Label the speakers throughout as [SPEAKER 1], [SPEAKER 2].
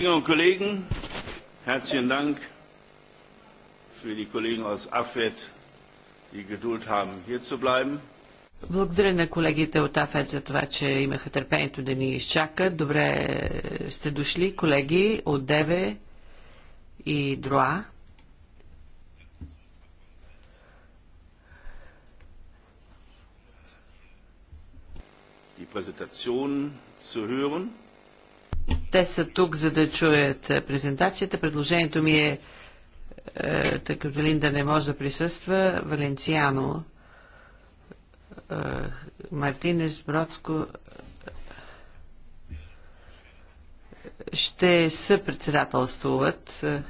[SPEAKER 1] Kolleginnen und Kollegen, herzlichen Dank für die Kollegen aus AFET, die Geduld haben, hier zu bleiben.
[SPEAKER 2] Благодаря на колегите от АФЕД за това, че имаха търпението да ни изчакат. Добре сте дошли, колеги от ДЕВЕ и ДРОА.
[SPEAKER 1] Die Präsentation zu hören.
[SPEAKER 2] Те са тук, за да чуят е, презентацията. Предложението ми е, е тъй като Линда не може да присъства, Валенциано, е, Мартинес, Бродско, е, ще съпредседателствуват, е,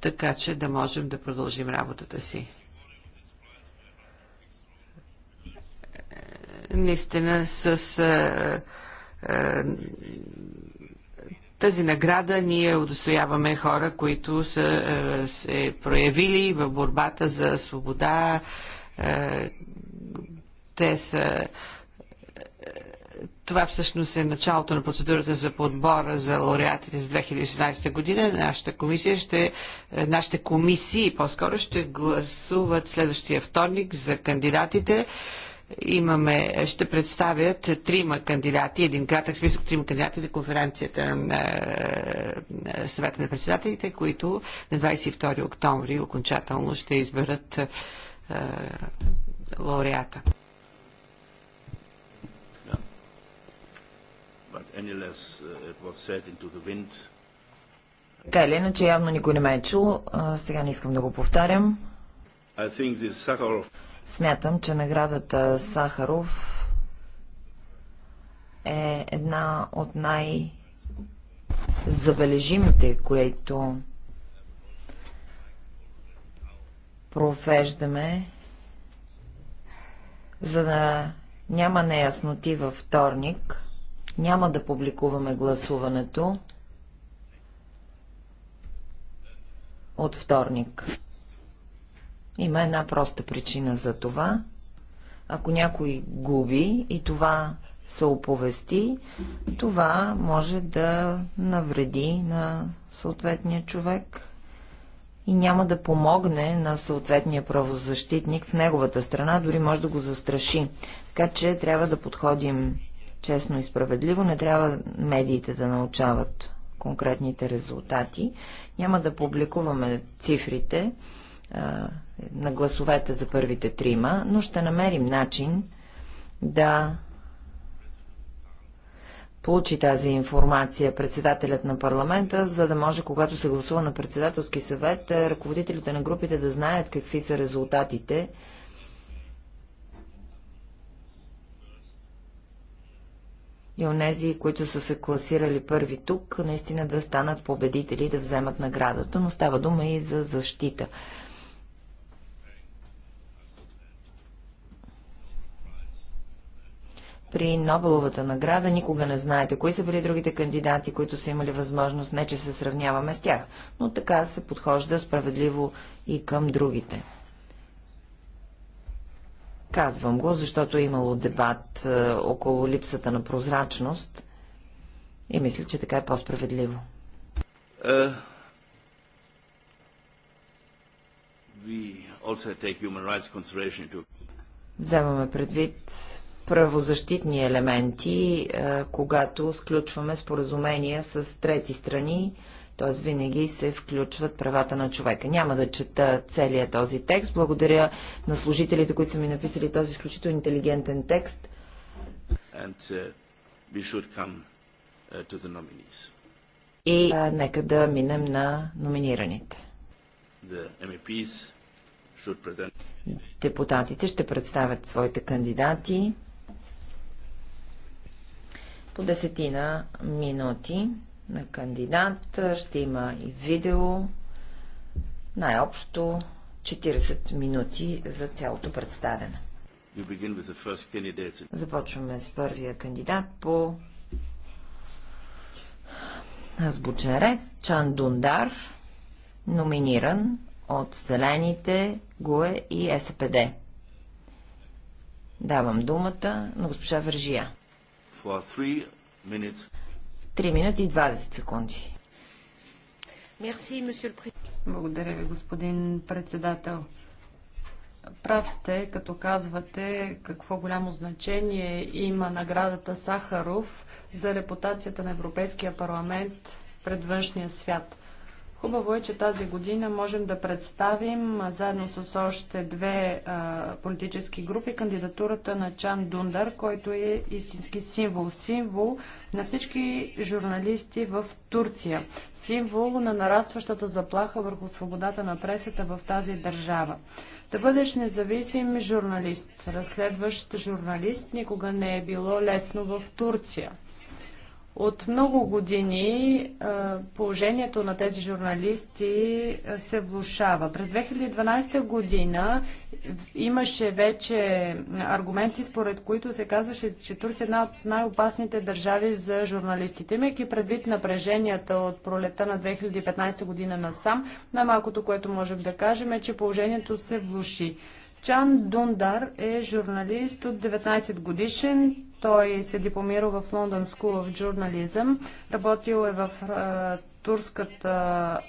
[SPEAKER 2] така че да можем да продължим работата си. Е, наистина с е, тази награда ние удостояваме хора, които са е, се проявили в борбата за свобода. Е, те са. Това всъщност е началото на процедурата за подбора за лауреатите за 2016 година. Нашата комисия ще, нашите комисии по-скоро ще гласуват следващия вторник за кандидатите имаме, ще представят трима кандидати, един кратък списък трима кандидати на конференцията на съвета на председателите, които на 22 октомври окончателно ще изберат е, лауреата.
[SPEAKER 1] Uh,
[SPEAKER 3] така или иначе, явно никой не ме е чул. сега не искам да го повтарям.
[SPEAKER 1] I think this Sakharov...
[SPEAKER 3] Смятам, че наградата Сахаров е една от най-забележимите, които провеждаме, за да няма неясноти във вторник, няма да публикуваме гласуването от вторник. Има една проста причина за това. Ако някой губи и това се оповести, това може да навреди на съответния човек и няма да помогне на съответния правозащитник в неговата страна, дори може да го застраши. Така че трябва да подходим честно и справедливо, не трябва медиите да научават конкретните резултати. Няма да публикуваме цифрите, на гласовете за първите трима, но ще намерим начин да получи тази информация председателят на парламента, за да може, когато се гласува на председателски съвет, е, ръководителите на групите да знаят какви са резултатите. И онези, които са се класирали първи тук, наистина да станат победители да вземат наградата, но става дума и за защита. при Нобеловата награда никога не знаете кои са били другите кандидати, които са имали възможност, не че се сравняваме с тях, но така се подхожда справедливо и към другите. Казвам го, защото е имало дебат е, около липсата на прозрачност и мисля, че така е по-справедливо. Е, Вземаме предвид правозащитни елементи, е, когато сключваме споразумения с трети страни, т.е. винаги се включват правата на човека. Няма да чета целият този текст. Благодаря на служителите, които са ми написали този изключително интелигентен текст.
[SPEAKER 1] And, uh, come, uh,
[SPEAKER 3] И нека да минем на номинираните. Present... Депутатите ще представят своите кандидати по десетина минути на кандидат. Ще има и видео. Най-общо 40 минути за цялото представяне. Започваме с първия кандидат по азбучен ред. Чан Дундар, номиниран от Зелените, ГУЕ и СПД. Давам думата на госпожа Вържия. Три минути и 20 секунди.
[SPEAKER 4] Благодаря ви, господин председател. Прав сте, като казвате какво голямо значение има наградата Сахаров за репутацията на Европейския парламент пред външния свят. Хубаво е, че тази година можем да представим заедно с още две а, политически групи кандидатурата на Чан Дундар, който е истински символ. Символ на всички журналисти в Турция. Символ на нарастващата заплаха върху свободата на пресата в тази държава. Да бъдеш независим журналист, разследващ журналист никога не е било лесно в Турция. От много години положението на тези журналисти се влушава. През 2012 година имаше вече аргументи, според които се казваше, че Турция е една от най-опасните държави за журналистите. Имайки предвид напреженията от пролета на 2015 година насам, най-малкото, което можем да кажем е, че положението се влуши. Чан Дундар е журналист от 19 годишен. Той се дипломира в London School of Journalism, работил е в турската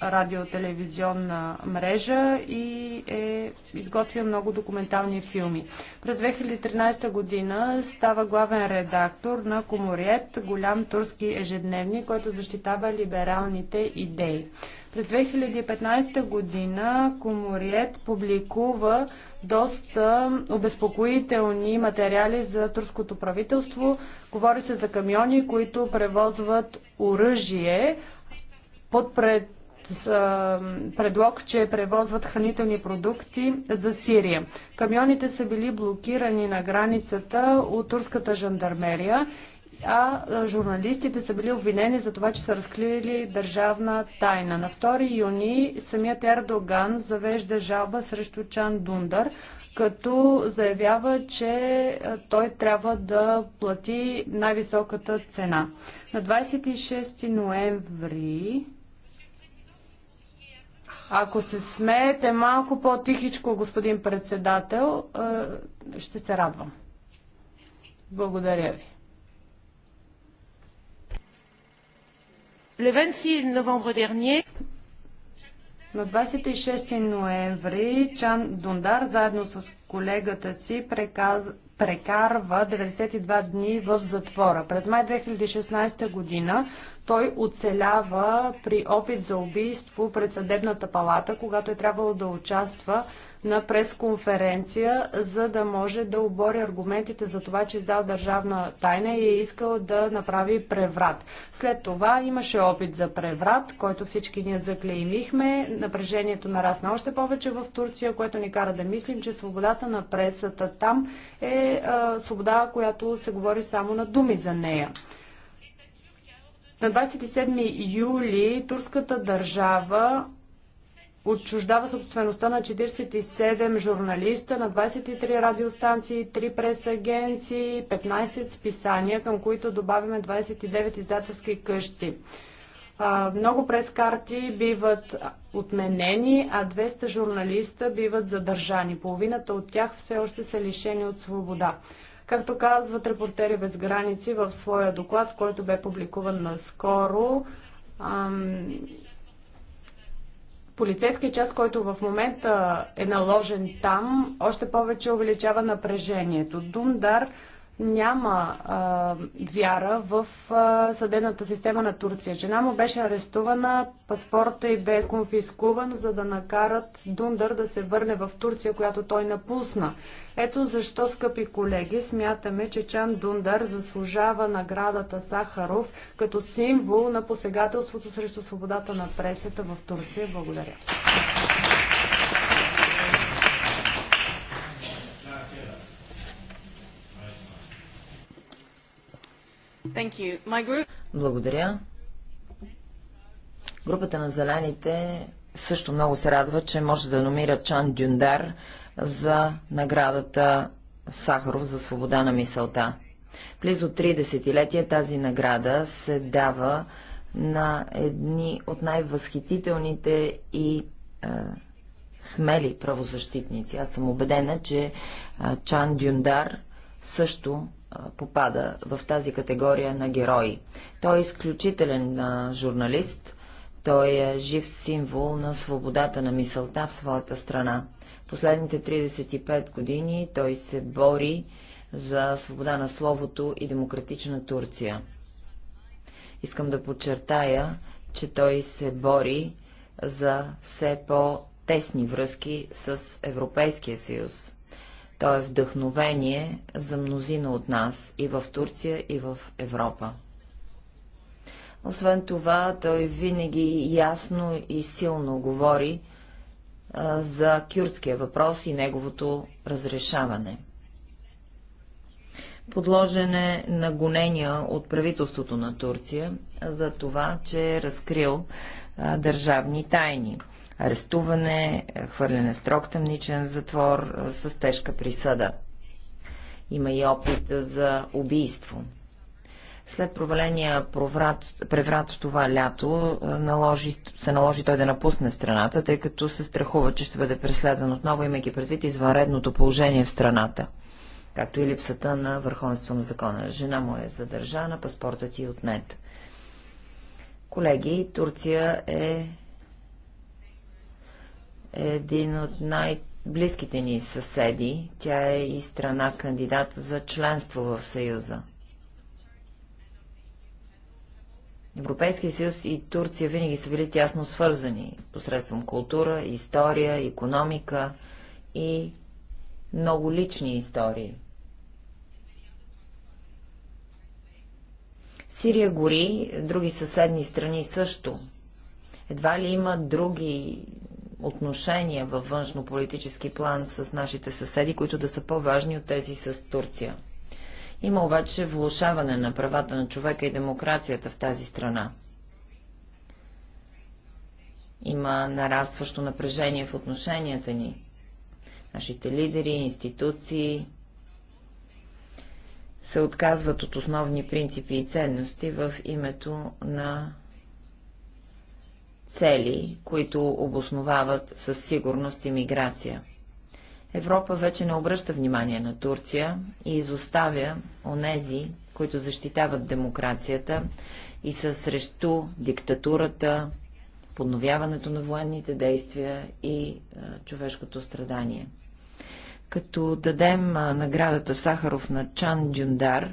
[SPEAKER 4] радиотелевизионна мрежа и е изготвил много документални филми. През 2013 година става главен редактор на Комориет, голям турски ежедневник, който защитава либералните идеи. През 2015 година Комориет публикува доста обезпокоителни материали за турското правителство. Говори се за камиони, които превозват оръжие под пред, предлог, че превозват хранителни продукти за Сирия. Камионите са били блокирани на границата от турската жандармерия а журналистите са били обвинени за това, че са разкрили държавна тайна. На 2 юни самият Ердоган завежда жалба срещу Чан Дундар, като заявява, че той трябва да плати най-високата цена. На 26 ноември ако се смеете малко по-тихичко, господин председател, ще се радвам. Благодаря ви. На 26 ноември Чан Дундар заедно с колегата си преказ... прекарва 92 дни в затвора. През май 2016 година той оцелява при опит за убийство пред съдебната палата, когато е трябвало да участва на пресконференция, за да може да обори аргументите за това, че е издал държавна тайна и е искал да направи преврат. След това имаше опит за преврат, който всички ние заклеймихме. Напрежението нарасна още повече в Турция, което ни кара да мислим, че свободата на пресата там е а, свобода, която се говори само на думи за нея. На 27 юли турската държава отчуждава собствеността на 47 журналиста, на 23 радиостанции, 3 пресагенции, 15 списания, към които добавяме 29 издателски къщи. много прескарти биват отменени, а 200 журналиста биват задържани. Половината от тях все още са лишени от свобода. Както казват репортери без граници в своя доклад, който бе публикуван наскоро, ам, полицейският част, който в момента е наложен там, още повече увеличава напрежението. Дундар няма а, вяра в а, съдебната система на Турция. Жена му беше арестувана, паспорта й бе конфискуван, за да накарат Дундър да се върне в Турция, която той напусна. Ето защо, скъпи колеги, смятаме, че Чан Дундар заслужава наградата Сахаров като символ на посегателството срещу свободата на пресета в Турция. Благодаря.
[SPEAKER 1] Group...
[SPEAKER 3] Благодаря. Групата на зелените също много се радва, че може да номира Чан Дюндар за наградата Сахаров за свобода на мисълта. Близо три десетилетия тази награда се дава на едни от най-възхитителните и е, смели правозащитници. Аз съм убедена, че е, Чан Дюндар също попада в тази категория на герои. Той е изключителен журналист, той е жив символ на свободата на мисълта в своята страна. Последните 35 години той се бори за свобода на словото и демократична Турция. Искам да подчертая, че той се бори за все по-тесни връзки с Европейския съюз. Той е вдъхновение за мнозина от нас и в Турция, и в Европа. Освен това, той винаги ясно и силно говори а, за кюртския въпрос и неговото разрешаване. Подложене на гонения от правителството на Турция за това, че е разкрил а, държавни тайни арестуване, хвърляне строк строг тъмничен затвор с тежка присъда. Има и опит за убийство. След проваления преврат, в това лято наложи, се наложи той да напусне страната, тъй като се страхува, че ще бъде преследван отново, имайки предвид извънредното положение в страната, както и липсата на върховенство на закона. Жена му е задържана, паспортът и е отнет. Колеги, Турция е един от най-близките ни съседи. Тя е и страна кандидат за членство в Съюза. Европейския съюз и Турция винаги са били тясно свързани посредством култура, история, економика и много лични истории. Сирия гори, други съседни страни също. Едва ли има други отношения във външно-политически план с нашите съседи, които да са по-важни от тези с Турция. Има обаче влушаване на правата на човека и демокрацията в тази страна. Има нарастващо напрежение в отношенията ни. Нашите лидери, институции се отказват от основни принципи и ценности в името на цели, които обосновават със сигурност имиграция. Европа вече не обръща внимание на Турция и изоставя онези, които защитават демокрацията и са срещу диктатурата, подновяването на военните действия и е, човешкото страдание. Като дадем е, наградата Сахаров на Чан Дюндар,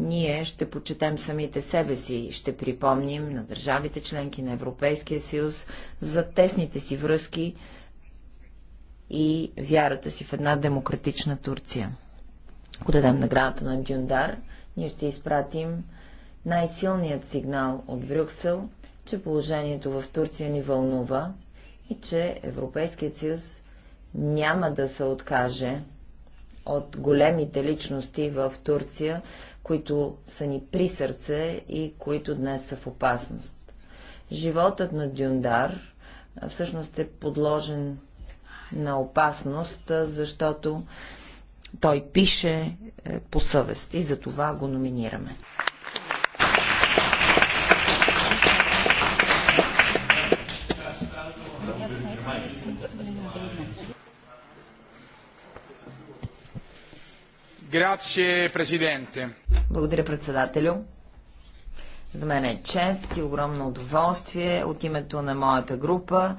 [SPEAKER 3] ние ще почетем самите себе си и ще припомним на държавите членки на Европейския съюз за тесните си връзки и вярата си в една демократична Турция. Ако дадем наградата на Дюндар, ние ще изпратим най-силният сигнал от Брюксел, че положението в Турция ни вълнува и че Европейският съюз няма да се откаже от големите личности в Турция, които са ни при сърце и които днес са в опасност. Животът на Дюндар всъщност е подложен на опасност, защото той пише е, по съвест и за това го номинираме.
[SPEAKER 5] Грация, президенте.
[SPEAKER 3] Благодаря, председателю. За мен е чест и огромно удоволствие от името на моята група,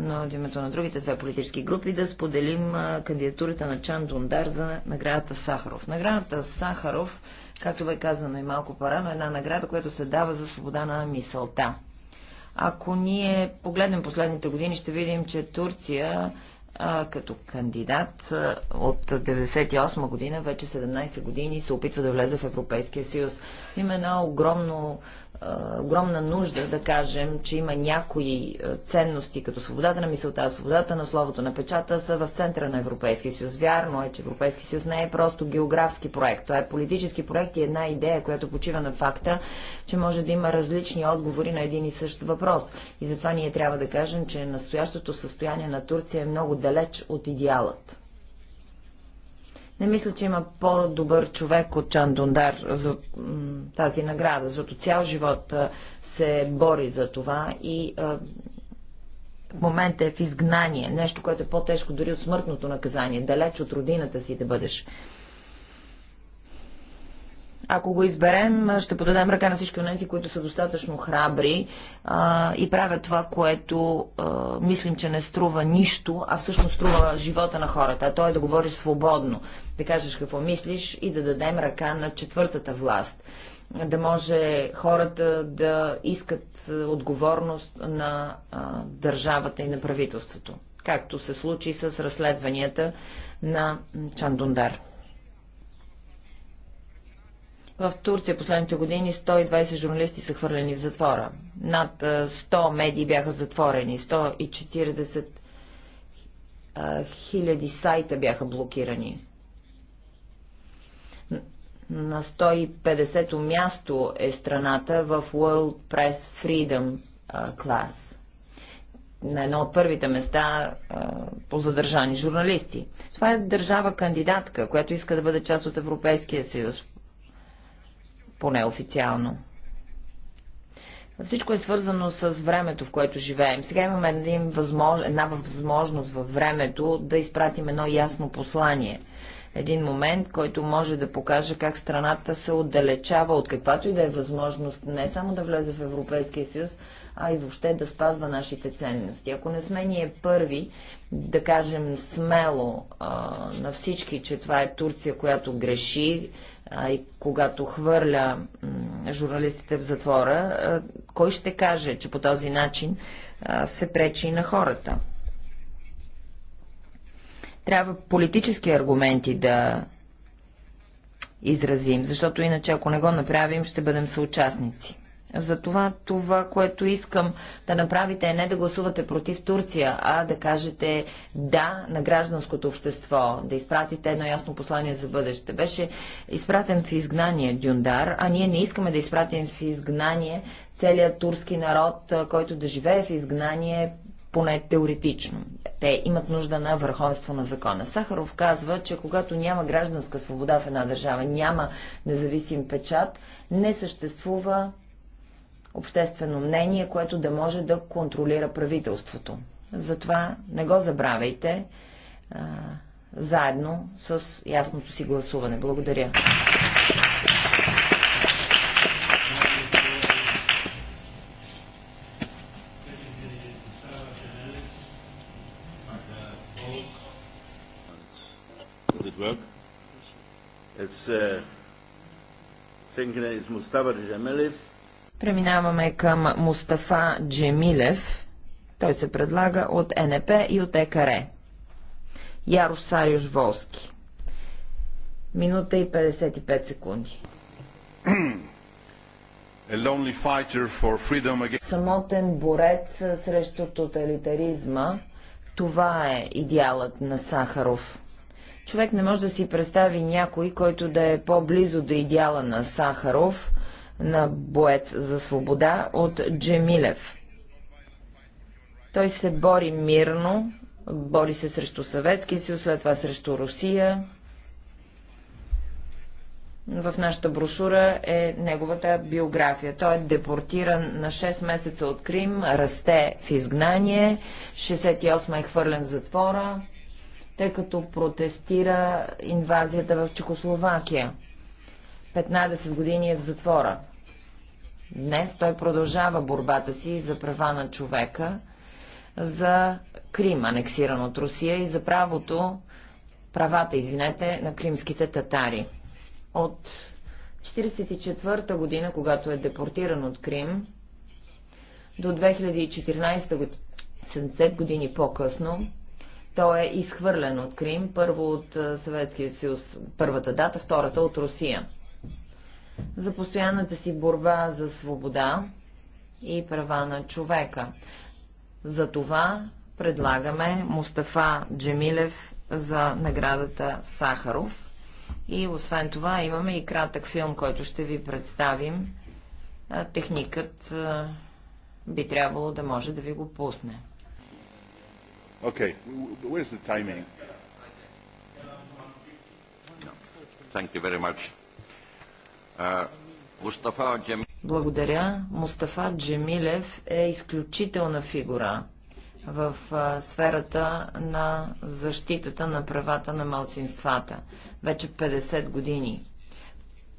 [SPEAKER 3] но от името на другите две политически групи да споделим кандидатурата на Чан Дундар за наградата Сахаров. Наградата Сахаров, както бе казано и малко по-рано, е една награда, която се дава за свобода на мисълта. Ако ние погледнем последните години, ще видим, че Турция като кандидат от 98 година, вече 17 години се опитва да влезе в Европейския съюз. Има едно огромно огромна нужда да кажем, че има някои ценности, като свободата на мисълта, свободата на словото на печата, са в центъра на Европейския съюз. Вярно е, че Европейския съюз не е просто географски проект. Това е политически проект и една идея, която почива на факта, че може да има различни отговори на един и същ въпрос. И затова ние трябва да кажем, че настоящото състояние на Турция е много далеч от идеалът. Не мисля, че има по-добър човек от Чан Дондар за тази награда, защото цял живот се бори за това и в момента е в изгнание, нещо, което е по-тежко дори от смъртното наказание, далеч от родината си да бъдеш. Ако го изберем, ще подадем ръка на всички онези, които са достатъчно храбри а, и правят това, което а, мислим, че не струва нищо, а всъщност струва живота на хората. А то е да говориш свободно, да кажеш какво мислиш и да дадем ръка на четвъртата власт да може хората да искат отговорност на а, държавата и на правителството, както се случи с разследванията на Чандундар. В Турция последните години 120 журналисти са хвърлени в затвора. Над 100 медии бяха затворени, 140 хиляди сайта бяха блокирани. На 150-то място е страната в World Press Freedom Class. На едно от първите места по задържани журналисти. Това е държава кандидатка, която иска да бъде част от Европейския съюз поне официално. Всичко е свързано с времето, в което живеем. Сега имаме един възмож... една възможност във времето да изпратим едно ясно послание. Един момент, който може да покаже как страната се отдалечава от каквато и да е възможност не само да влезе в Европейския съюз, а и въобще да спазва нашите ценности. Ако не сме ние първи, да кажем смело а, на всички, че това е Турция, която греши а, и когато хвърля журналистите в затвора, а, кой ще каже, че по този начин а, се пречи и на хората? Трябва политически аргументи да изразим, защото иначе ако не го направим, ще бъдем съучастници. Затова това, което искам да направите е не да гласувате против Турция, а да кажете да на гражданското общество, да изпратите едно ясно послание за бъдеще. Беше изпратен в изгнание Дюндар, а ние не искаме да изпратим в изгнание целият турски народ, който да живее в изгнание поне теоретично. Те имат нужда на върховенство на закона. Сахаров казва, че когато няма гражданска свобода в една държава, няма независим печат, не съществува обществено мнение, което да може да контролира правителството. Затова не го забравяйте а, заедно с ясното си гласуване. Благодаря.
[SPEAKER 5] work. It's uh, thinking it's Mustafa Jamelif.
[SPEAKER 3] Преминаваме към Мустафа Джемилев. Той се предлага от НП и от ЕКАРЕ. Ярош Сариуш Волски. Минута и 55 секунди. Самотен борец срещу тоталитаризма. Това е идеалът на Сахаров. Човек не може да си представи някой, който да е по-близо до идеала на Сахаров – на боец за свобода от Джемилев. Той се бори мирно, бори се срещу Съветския съюз, след това срещу Русия. В нашата брошура е неговата биография. Той е депортиран на 6 месеца от Крим, расте в изгнание, 68 е хвърлен в затвора, тъй като протестира инвазията в Чехословакия. 15 години е в затвора. Днес той продължава борбата си за права на човека, за Крим, анексиран от Русия, и за правото, правата, извинете, на кримските татари. От 1944 година, когато е депортиран от Крим, до 2014 година, 70 години по-късно, той е изхвърлен от Крим, първо от Съветския съюз, първата дата, втората от Русия за постоянната си борба за свобода и права на човека. За това предлагаме Мустафа Джемилев за наградата Сахаров. И освен това имаме и кратък филм, който ще ви представим. Техникът би трябвало да може да ви го пусне.
[SPEAKER 2] Okay, where's the timing?
[SPEAKER 5] Thank you very much. Мустафа Джемилев.
[SPEAKER 3] Благодаря. Мустафа Джемилев е изключителна фигура в сферата на защитата на правата на малцинствата. Вече 50 години.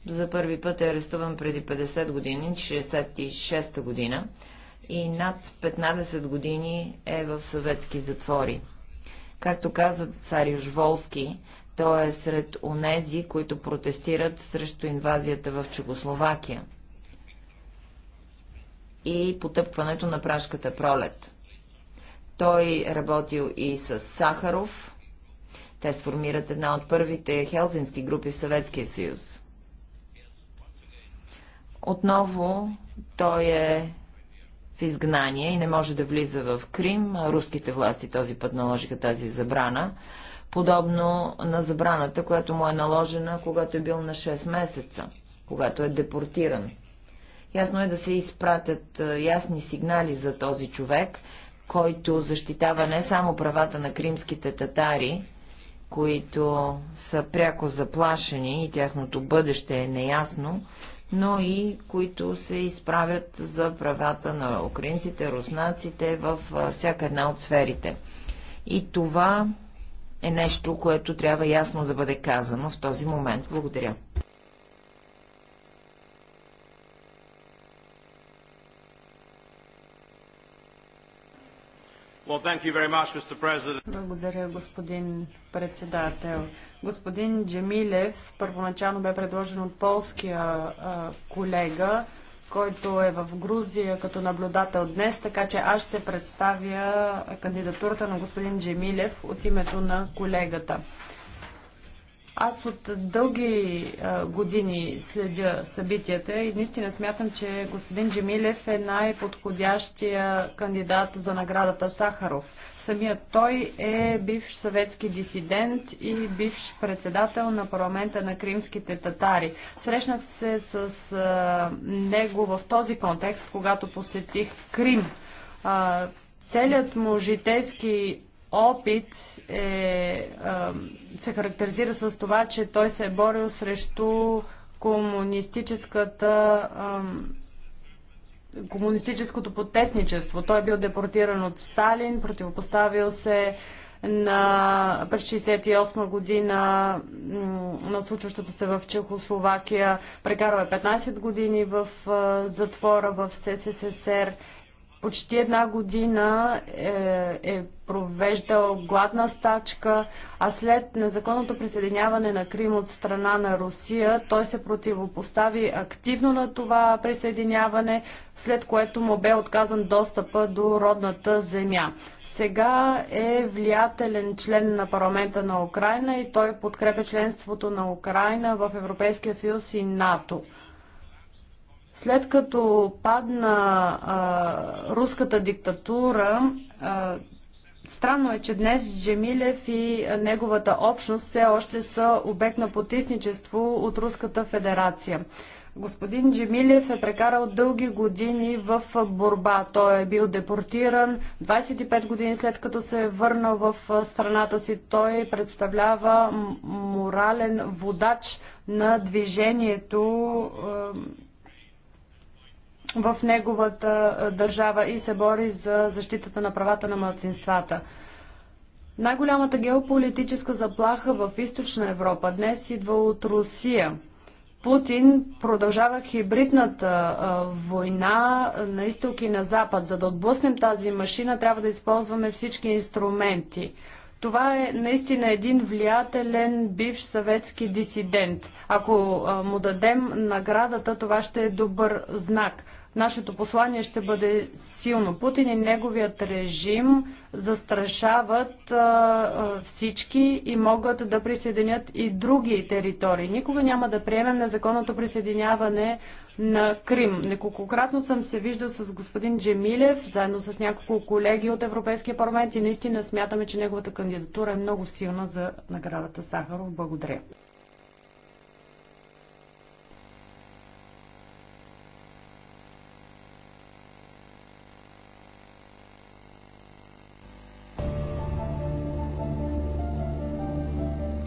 [SPEAKER 3] За първи път е арестуван преди 50 години, 66-та година и над 15 години е в съветски затвори. Както каза цар Южволски, той е сред онези, които протестират срещу инвазията в Чегословакия и потъпването на прашката пролет. Той работил и с Сахаров. Те сформират една от първите хелзински групи в Съветския съюз. Отново той е в изгнание и не може да влиза в Крим. Руските власти този път наложиха тази забрана подобно на забраната, която му е наложена, когато е бил на 6 месеца, когато е депортиран. Ясно е да се изпратят е, ясни сигнали за този човек, който защитава не само правата на кримските татари, които са пряко заплашени и тяхното бъдеще е неясно, но и които се изправят за правата на украинците, руснаците във е, всяка една от сферите. И това е нещо, което трябва ясно да бъде казано в този момент. Благодаря.
[SPEAKER 4] Благодаря, господин председател. Господин Джемилев първоначално бе предложен от полския а, колега който е в Грузия като наблюдател днес, така че аз ще представя кандидатурата на господин Джемилев от името на колегата. Аз от дълги а, години следя събитията и наистина смятам, че господин Джемилев е най-подходящия кандидат за наградата Сахаров. Самият той е бивш съветски дисидент и бивш председател на парламента на кримските татари. Срещнах се с а, него в този контекст, когато посетих Крим. А, целият му житейски опит е, е, се характеризира с това, че той се е борил срещу комунистическата е, комунистическото потесничество. Той е бил депортиран от Сталин, противопоставил се на през 68 година на случващото се в Чехословакия. Прекарал е 15 години в затвора в СССР почти една година е, е провеждал гладна стачка, а след незаконното присъединяване на Крим от страна на Русия, той се противопостави активно на това присъединяване, след което му бе отказан достъпа до родната земя. Сега е влиятелен член на парламента на Украина и той подкрепя членството на Украина в Европейския съюз и НАТО. След като падна а, руската диктатура, а, странно е, че днес Джемилев и неговата общност все още са обект на потисничество от Руската федерация. Господин Джемилев е прекарал дълги години в борба. Той е бил депортиран. 25 години след като се е върнал в страната си, той представлява морален водач на движението в неговата държава и се бори за защитата на правата на младсинствата. Най-голямата геополитическа заплаха в източна Европа днес идва от Русия. Путин продължава хибридната а, война на изток и на запад. За да отблъснем тази машина, трябва да използваме всички инструменти. Това е наистина един влиятелен бивш съветски дисидент. Ако а, му дадем наградата, това ще е добър знак нашето послание ще бъде силно. Путин и неговият режим застрашават а, всички и могат да присъединят и други територии. Никога няма да приемем незаконното присъединяване на Крим. Неколкократно съм се виждал с господин Джемилев, заедно с няколко колеги от Европейския парламент и наистина смятаме, че неговата кандидатура е много силна за наградата Сахаров. Благодаря.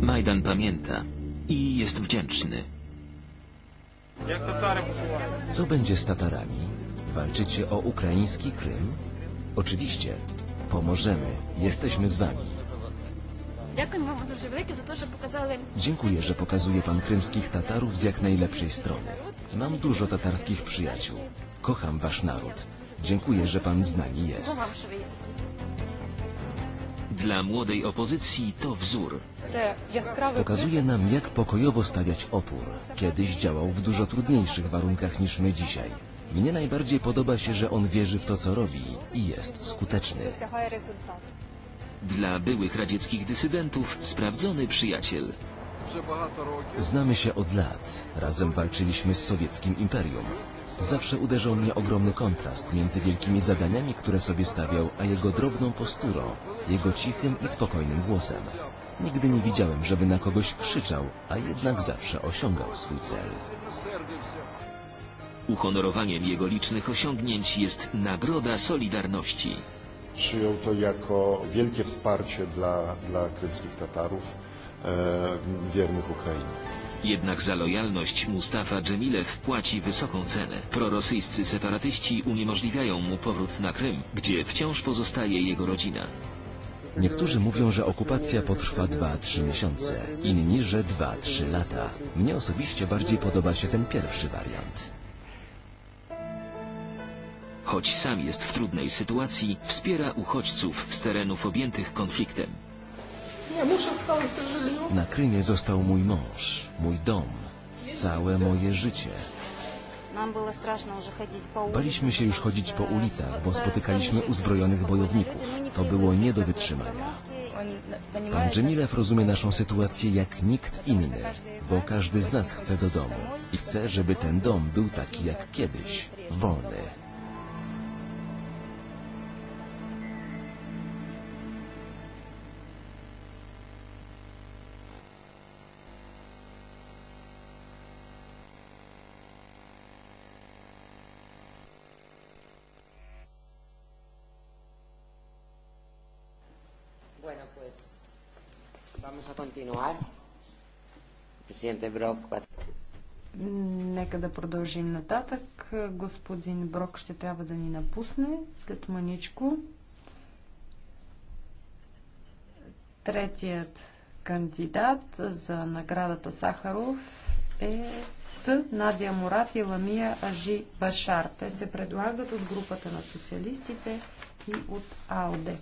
[SPEAKER 1] Majdan pamięta i jest wdzięczny. Jak Tatary Co
[SPEAKER 6] będzie z Tatarami? Walczycie o ukraiński Krym? Oczywiście. Pomożemy. Jesteśmy z wami.
[SPEAKER 4] Dziękuję wam
[SPEAKER 6] Dziękuję, że pokazuje pan krymskich Tatarów z jak najlepszej strony. Mam dużo tatarskich przyjaciół. Kocham wasz naród. Dziękuję, że pan z nami jest.
[SPEAKER 1] Dla młodej opozycji to wzór.
[SPEAKER 4] Pokazuje
[SPEAKER 6] nam, jak pokojowo stawiać opór. Kiedyś działał w dużo trudniejszych warunkach niż my dzisiaj. Mnie najbardziej podoba się, że on wierzy w to, co robi i jest skuteczny.
[SPEAKER 1] Dla byłych radzieckich dysydentów sprawdzony przyjaciel.
[SPEAKER 6] Znamy się od lat. Razem walczyliśmy z sowieckim imperium. Zawsze uderzał mnie ogromny kontrast między wielkimi zadaniami, które sobie stawiał, a jego drobną posturą, jego cichym i spokojnym głosem. Nigdy nie widziałem, żeby na kogoś krzyczał,
[SPEAKER 1] a jednak zawsze osiągał swój cel. Uhonorowaniem jego licznych osiągnięć jest Nagroda Solidarności. Przyjął to jako wielkie wsparcie dla, dla krymskich Tatarów, e, wiernych Ukrainie. Jednak za lojalność Mustafa Dżemilew płaci wysoką cenę. Prorosyjscy separatyści uniemożliwiają mu powrót na Krym, gdzie wciąż pozostaje jego rodzina.
[SPEAKER 6] Niektórzy mówią, że okupacja potrwa 2-3 miesiące, inni, że 2-3 lata. Mnie osobiście bardziej podoba się ten pierwszy wariant.
[SPEAKER 1] Choć sam jest w trudnej sytuacji, wspiera uchodźców z terenów objętych konfliktem.
[SPEAKER 4] Nie muszę stąd
[SPEAKER 1] Na Krymie
[SPEAKER 6] został mój mąż, mój dom, całe moje życie. Baliśmy się już chodzić po ulicach, bo spotykaliśmy uzbrojonych bojowników. To było nie do wytrzymania.
[SPEAKER 5] Pan Dżemilew
[SPEAKER 6] rozumie naszą sytuację jak nikt inny, bo każdy z nas chce do domu i chce, żeby ten dom był taki jak kiedyś, wolny.
[SPEAKER 2] presidente Брок.
[SPEAKER 4] Нека да продължим нататък. Господин Брок ще трябва да ни напусне след маничко. Третият кандидат за наградата Сахаров е с Надя Мурат и Ламия Ажи Башар. Те се предлагат от групата на социалистите и от АЛДЕ.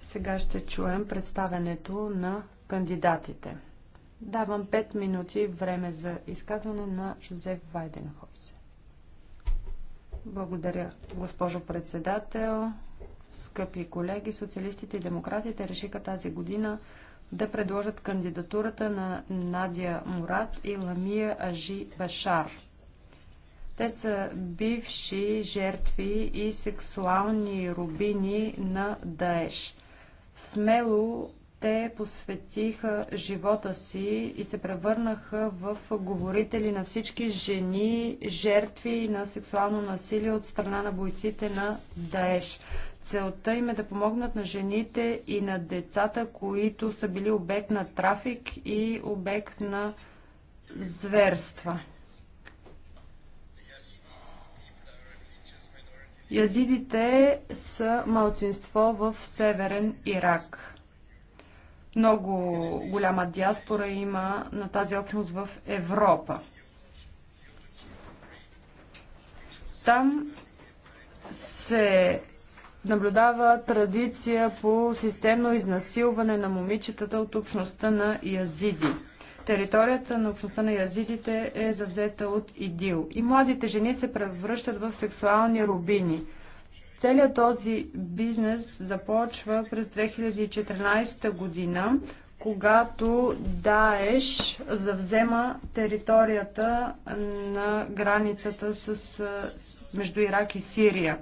[SPEAKER 4] Сега ще чуем представенето на кандидатите. Давам 5 минути време за изказване на Жозеф Вайденхойс. Благодаря, госпожо председател. Скъпи колеги, социалистите и демократите решиха тази година да предложат кандидатурата на Надя Мурат и Ламия Ажи Башар. Те са бивши жертви и сексуални рубини на Даеш – Смело те посветиха живота си и се превърнаха в говорители на всички жени, жертви на сексуално насилие от страна на бойците на Даеш. Целта им е да помогнат на жените и на децата, които са били обект на трафик и обект на зверства. Язидите са малцинство в северен Ирак. Много голяма диаспора има на тази общност в Европа. Там се наблюдава традиция по системно изнасилване на момичетата от общността на язиди. Територията на общността на язидите е завзета от ИДИЛ и младите жени се превръщат в сексуални рубини. Целият този бизнес започва през 2014 година, когато Даеш завзема територията на границата с, между Ирак и Сирия.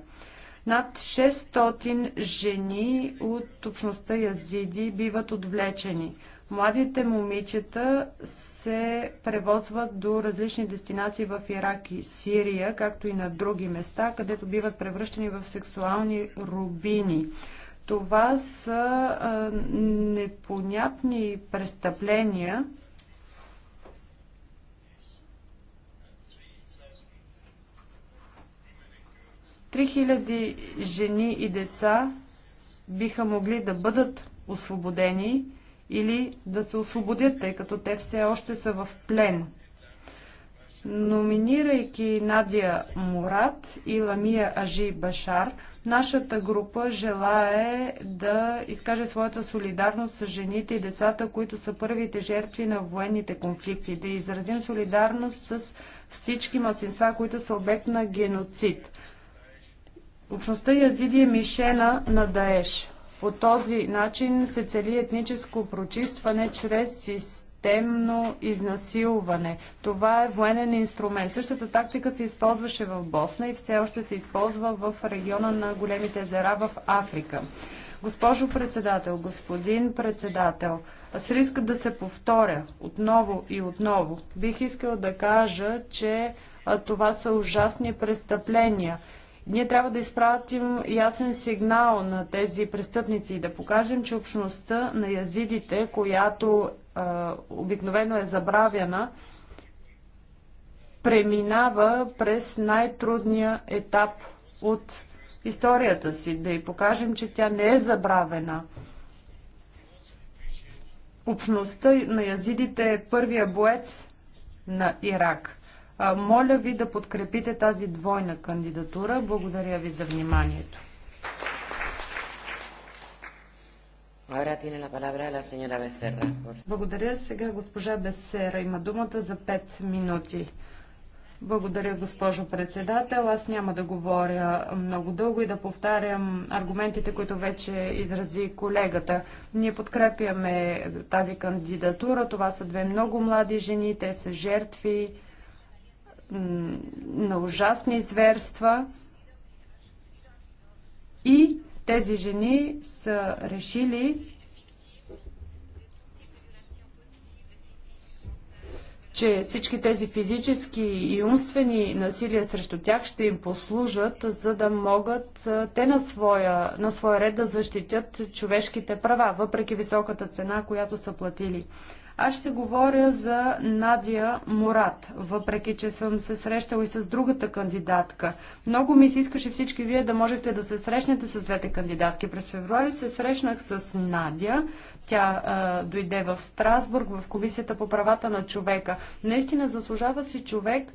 [SPEAKER 4] Над 600 жени от общността язиди биват отвлечени. Младите момичета се превозват до различни дестинации в Ирак и Сирия, както и на други места, където биват превръщани в сексуални рубини. Това са а, непонятни престъпления, Три хиляди жени и деца биха могли да бъдат освободени или да се освободят, тъй като те все още са в плен. Номинирайки Надя Мурат и Ламия Ажи Башар, нашата група желае да изкаже своята солидарност с жените и децата, които са първите жертви на военните конфликти, да изразим солидарност с всички младсинства, които са обект на геноцид. Общността Язиди е мишена на Даеш. По този начин се цели етническо прочистване чрез системно изнасилване. Това е военен инструмент. Същата тактика се използваше в Босна и все още се използва в региона на големите езера в Африка. Госпожо председател, господин председател, с риска да се повторя отново и отново, бих искал да кажа, че това са ужасни престъпления. Ние трябва да изпратим ясен сигнал на тези престъпници и да покажем, че общността на язидите, която е, обикновено е забравяна, преминава през най-трудния етап от историята си, да й покажем, че тя не е забравена. Общността на язидите е първия боец на Ирак. Моля ви да подкрепите тази двойна кандидатура. Благодаря ви за вниманието. Благодаря. Сега госпожа Бесера има думата за 5 минути. Благодаря, госпожо председател. Аз няма да говоря много дълго и да повтарям аргументите, които вече изрази колегата. Ние подкрепяме тази кандидатура. Това са две много млади жени. Те са жертви на ужасни зверства и тези жени са решили, че всички тези физически и умствени насилия срещу тях ще им послужат, за да могат те на своя, на своя ред да защитят човешките права, въпреки високата цена, която са платили. Аз ще говоря за Надя Мурат, въпреки че съм се срещала и с другата кандидатка. Много ми се искаше всички вие да можете да се срещнете с двете кандидатки. През февруари се срещнах с Надя. Тя а, дойде в Страсбург, в Комисията по правата на човека. Наистина заслужава си човек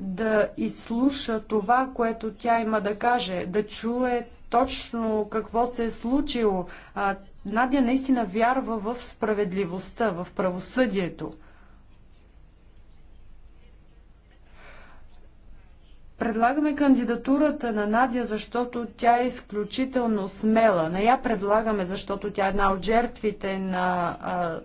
[SPEAKER 4] да изслуша това, което тя има да каже, да чуе точно какво се е случило. А, Надя наистина вярва в справедливостта, в правосъдието. Предлагаме кандидатурата на Надя, защото тя е изключително смела. Не я предлагаме, защото тя е една от жертвите на а,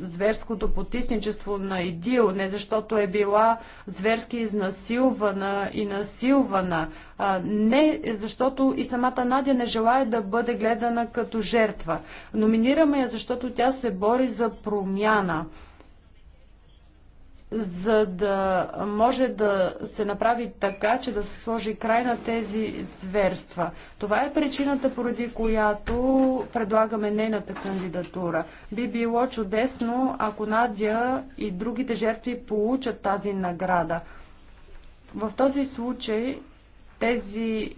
[SPEAKER 4] зверското потисничество на ИДИЛ, не защото е била зверски изнасилвана и насилвана, а, не защото и самата Надя не желая да бъде гледана като жертва. Номинираме я, защото тя се бори за промяна за да може да се направи така, че да се сложи край на тези зверства. Това е причината, поради която предлагаме нейната кандидатура. Би било чудесно, ако Надя и другите жертви получат тази награда. В този случай тези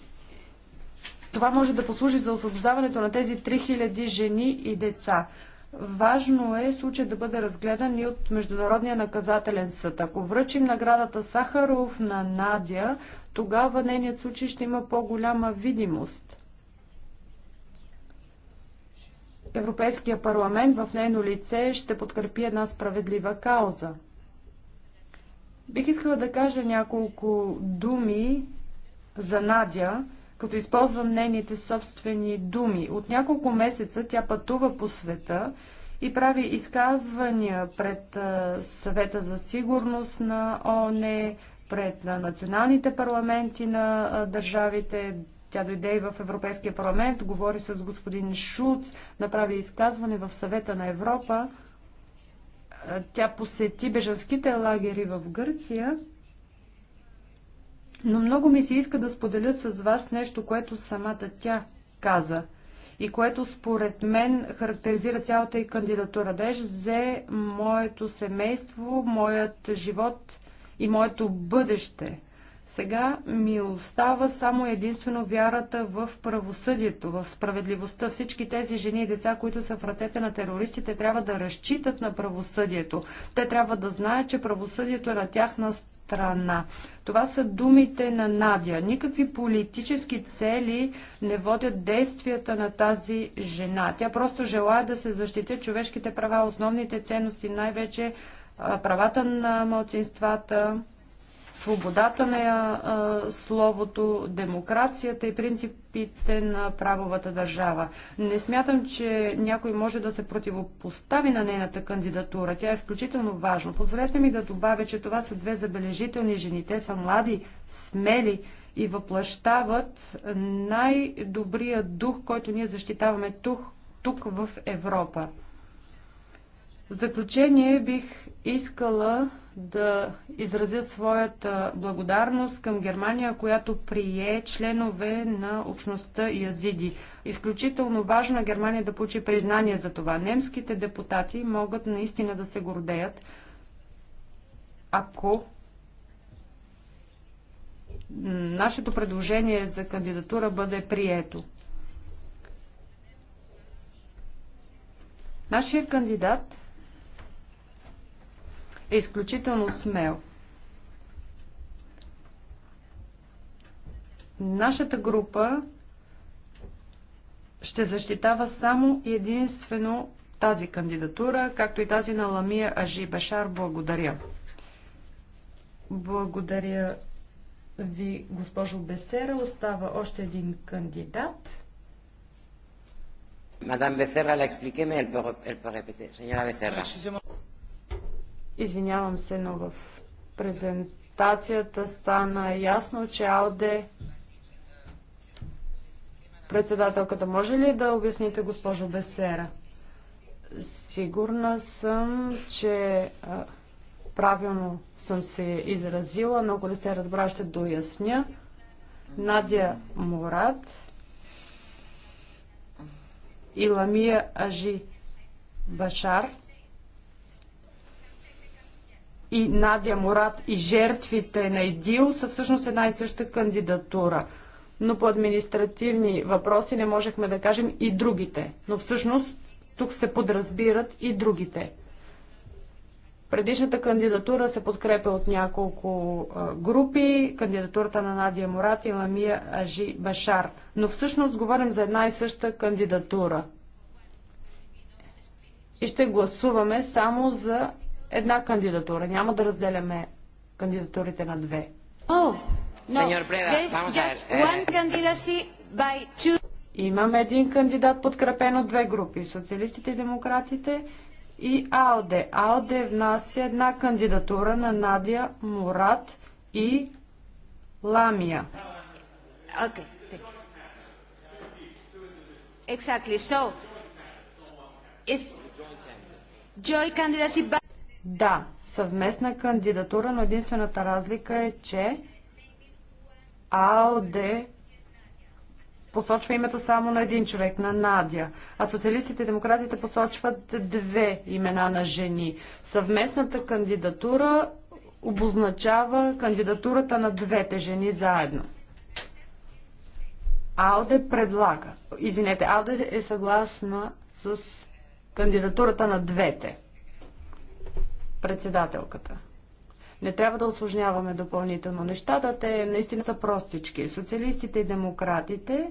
[SPEAKER 4] това може да послужи за освобождаването на тези 3000 жени и деца. Важно е случай да бъде разгледан и от Международния наказателен съд. Ако връчим наградата Сахаров на Надя, тогава нейният случай ще има по-голяма видимост. Европейския парламент в нейно лице ще подкрепи една справедлива кауза. Бих искала да кажа няколко думи за Надя, като използвам нейните собствени думи. От няколко месеца тя пътува по света и прави изказвания пред съвета за сигурност на ООН, пред на националните парламенти на държавите. Тя дойде и в Европейския парламент, говори с господин Шуц, направи изказване в съвета на Европа. Тя посети бежанските лагери в Гърция но много ми се иска да споделя с вас нещо, което самата тя каза и което според мен характеризира цялата и кандидатура. Деж взе моето семейство, моят живот и моето бъдеще. Сега ми остава само единствено вярата в правосъдието, в справедливостта. Всички тези жени и деца, които са в ръцете на терористите, трябва да разчитат на правосъдието. Те трябва да знаят, че правосъдието е на тяхна страна страна. Това са думите на Надя. Никакви политически цели не водят действията на тази жена. Тя просто желая да се защити човешките права, основните ценности, най-вече правата на малцинствата, свободата на словото, демокрацията и принципите на правовата държава. Не смятам, че някой може да се противопостави на нейната кандидатура. Тя е изключително важна. Позволете ми да добавя, че това са две забележителни жени. Те са млади, смели и въплащават най-добрия дух, който ние защитаваме тук, тук в Европа. В заключение бих искала да изразя своята благодарност към Германия, която прие членове на общността язиди. Изключително важно е Германия да получи признание за това. Немските депутати могат наистина да се гордеят, ако нашето предложение за кандидатура бъде прието. Нашия кандидат е изключително смел. Нашата група ще защитава само и единствено тази кандидатура, както и тази на Ламия Ажи Бешар. Благодаря. Благодаря ви, госпожо Бесера. Остава още един кандидат.
[SPEAKER 2] Мадам Бесера, ла expliqué, ел по репете. elle Бесера.
[SPEAKER 4] Извинявам се, но в презентацията стана ясно, че Алде председателката. Може ли да обясните, госпожо Бесера? Сигурна съм, че правилно съм се изразила, но ако не се разбра, ще доясня. Надя Мурат и Ламия Ажи Башар – и Надя Мурат и жертвите на ИДИЛ са всъщност една и съща кандидатура. Но по административни въпроси не можехме да кажем и другите. Но всъщност тук се подразбират и другите. Предишната кандидатура се подкрепя от няколко групи, кандидатурата на Надия Мурат и Ламия Ажи Башар. Но всъщност говорим за една и съща кандидатура. И ще гласуваме само за една кандидатура. Няма да разделяме кандидатурите на две. Oh, no. Eh. Имаме един кандидат, подкрепен от две групи. Социалистите и демократите и АЛДЕ. АЛДЕ внася една кандидатура на Надя Мурат и Ламия.
[SPEAKER 2] Okay. Exactly. So,
[SPEAKER 4] is joy candidacy by да, съвместна кандидатура, но единствената разлика е, че АОД посочва името само на един човек, на Надя, а социалистите и демократите посочват две имена на жени. Съвместната кандидатура обозначава кандидатурата на двете жени заедно. АОДЕ предлага, извинете, Ауде е съгласна с кандидатурата на двете. Председателката. Не трябва да осложняваме допълнително нещата. Те наистина са простички. Социалистите и демократите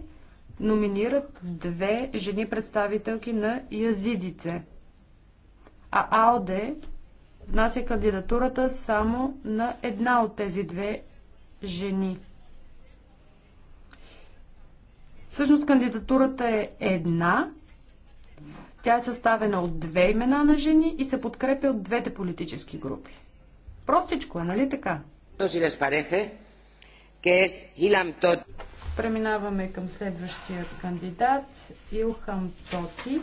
[SPEAKER 4] номинират две жени представителки на язидите. А АОДЕ внася кандидатурата само на една от тези две жени. Всъщност кандидатурата е една тя е съставена от две имена на жени и се подкрепя от двете политически групи. Простичко е, нали така? Преминаваме към следващия кандидат Илхам Тоти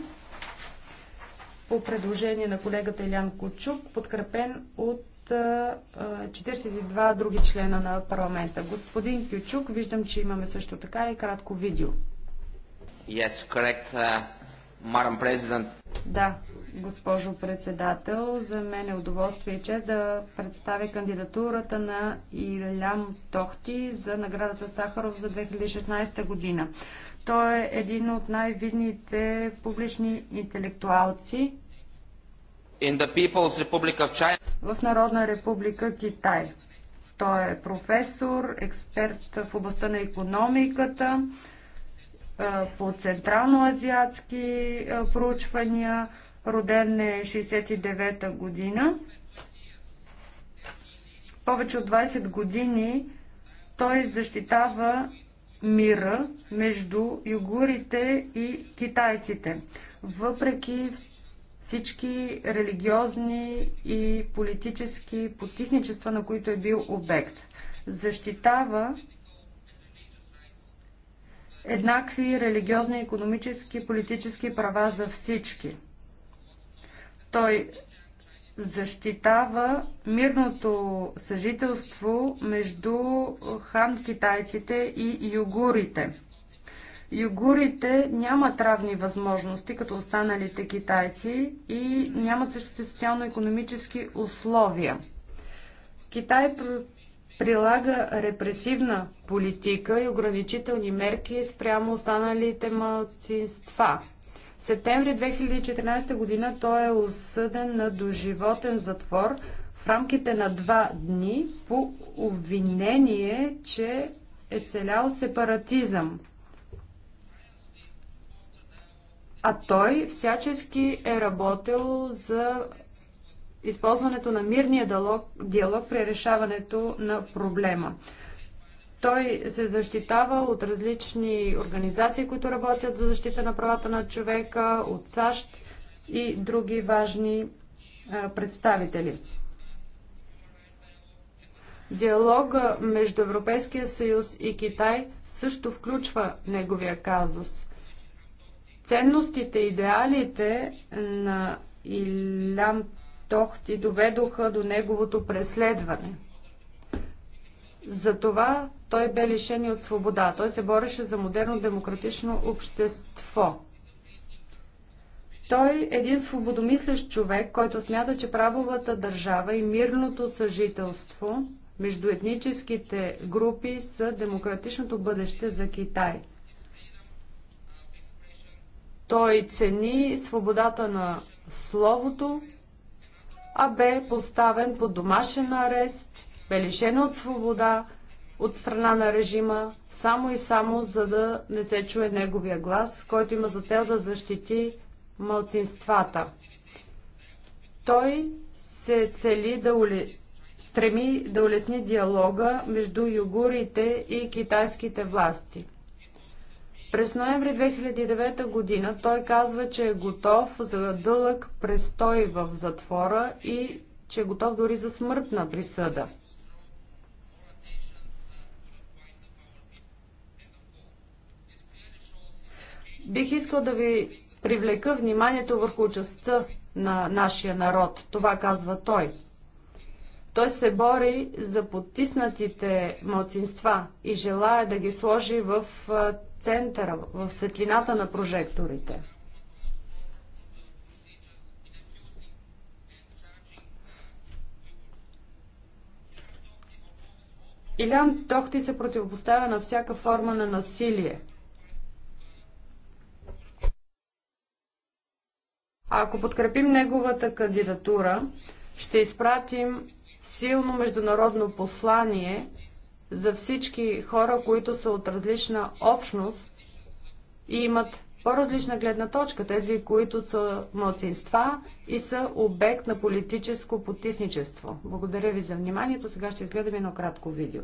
[SPEAKER 4] по предложение на колегата Илян Кучук, подкрепен от 42 други члена на парламента. Господин Кючук, виждам, че имаме също така и кратко видео.
[SPEAKER 2] Yes, correct. Uh, Madam President.
[SPEAKER 4] Да, госпожо председател, за мен е удоволствие и чест да представя кандидатурата на Илям Тохти за наградата Сахаров за 2016 година. Той е един от най-видните публични интелектуалци
[SPEAKER 1] In the People's Republic of China.
[SPEAKER 4] в Народна република Китай. Той е професор, експерт в областта на економиката, по азиатски проучвания. Роден е 69-та година. Повече от 20 години той защитава мира между югурите и китайците. Въпреки всички религиозни и политически потисничества, на които е бил обект. Защитава еднакви религиозни, економически, политически права за всички. Той защитава мирното съжителство между хан китайците и югурите. Югурите нямат равни възможности като останалите китайци и нямат същите социално-економически условия. Китай прилага репресивна политика и ограничителни мерки спрямо останалите малцинства. В септември 2014 година той е осъден на доживотен затвор в рамките на два дни по обвинение, че е целял сепаратизъм. А той всячески е работил за използването на мирния диалог, диалог при решаването на проблема. Той се защитава от различни организации, които работят за защита на правата на човека, от САЩ и други важни а, представители. Диалога между Европейския съюз и Китай също включва неговия казус. Ценностите и идеалите на Илян и доведоха до неговото преследване. Затова той бе лишен от свобода. Той се бореше за модерно демократично общество. Той е един свободомислящ човек, който смята, че правовата държава и мирното съжителство между етническите групи са демократичното бъдеще за Китай. Той цени свободата на словото, а бе поставен под домашен арест, бе лишен от свобода от страна на режима, само и само за да не се чуе неговия глас, който има за цел да защити малцинствата. Той се цели да уле... стреми да улесни диалога между югурите и китайските власти. През ноември 2009 година той казва, че е готов за дълъг престой в затвора и че е готов дори за смъртна присъда. Бих искал да ви привлека вниманието върху частта на нашия народ. Това казва той. Той се бори за потиснатите мълцинства и желая да ги сложи в центъра, в светлината на прожекторите. Илян Тохти се противопоставя на всяка форма на насилие. А ако подкрепим неговата кандидатура, ще изпратим силно международно послание за всички хора, които са от различна общност и имат по-различна гледна точка, тези, които са младсинства и са обект на политическо потисничество. Благодаря ви за вниманието. Сега ще изгледаме едно кратко видео.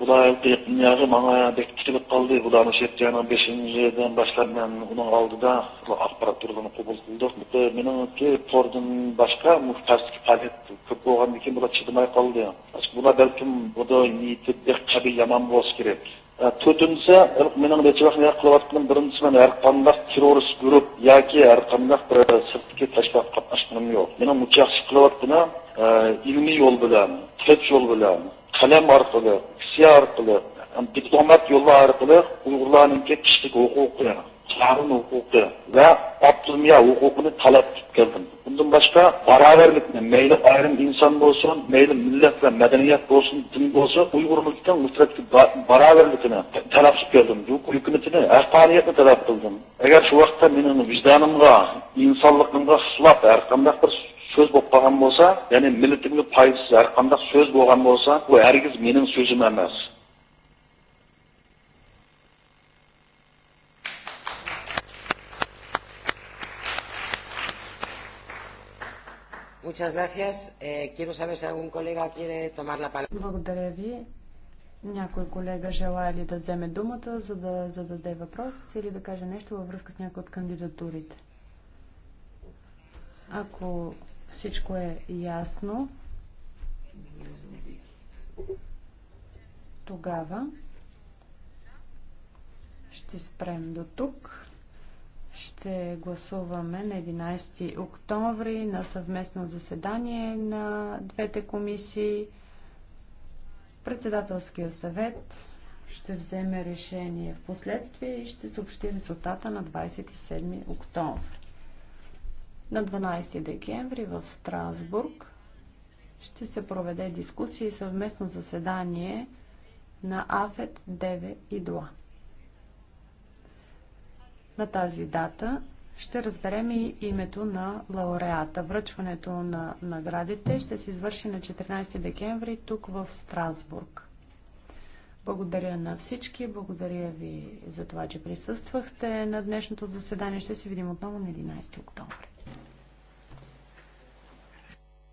[SPEAKER 5] Bula elde dünyada bana bektirip kaldı. Bu da Bula Nusretyan'ın 5. yıldan başlap ben onun aldıda akbarat turduğunu kabul kıldık. Bu da benim ki tordun başka muhtarsızlık faaliyet köp olgan dikin da çıdımay kaldı. Aşk Bula belkim bu da niyeti bir kabi yaman boz gerek. Төртінші, менің нәтижесін қылыватқан бірінші мен әрқандай террорист групп яки әрқандай бір сыртқы ташпақ қатынашқаным жоқ. Менің мұчақшы қылыватқаны илми жол білән, тет жол білән, қалам арқылы, siyasi orqali diplomat yo'llari orqali uyg'urlarninki kishilik huquqi qonun huquqi va optimiya huquqini talab qilib keldim bundan boshqa barobarlikni mayli ayrim inson bo'lsin mayli millat va madaniyat bo'lsin din bo'lsin uyg'urlikda mustratki barobarlikni talab qilib keldim hukumatini haqqoniyatni talab qildim agar shu vaqtda mening vijdonimga insonligimga xilof har qanday bir сөз болып қалған болса яғни милletimге пайдасыз әрқандай сөз болған болса бұл әргіз менің сөзім емес
[SPEAKER 2] Muchas gracias. Eh, quiero saber si algún colega quiere tomar la palabra.
[SPEAKER 4] Благодаря ви. Някой колега желая ли да вземе думата, за да зададе въпрос или да каже нещо във връзка с някои от кандидатурите? Ако всичко е ясно. Тогава ще спрем до тук. Ще гласуваме на 11 октомври на съвместно заседание на двете комисии. Председателския съвет ще вземе решение в последствие и ще съобщи резултата на 27 октомври. На 12 декември в Страсбург ще се проведе дискусия и съвместно заседание на АФЕТ 9 и 2. На тази дата ще разберем и името на лауреата. Връчването на наградите ще се извърши на 14 декември тук в Страсбург. Благодаря на всички, благодаря ви за това, че присъствахте на днешното заседание. Ще се видим отново на 11 октомври.